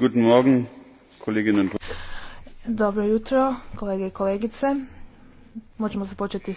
Guten Morgen, Kolleginnen und Dobro jutro, kolege i kolegice. Možemo započeti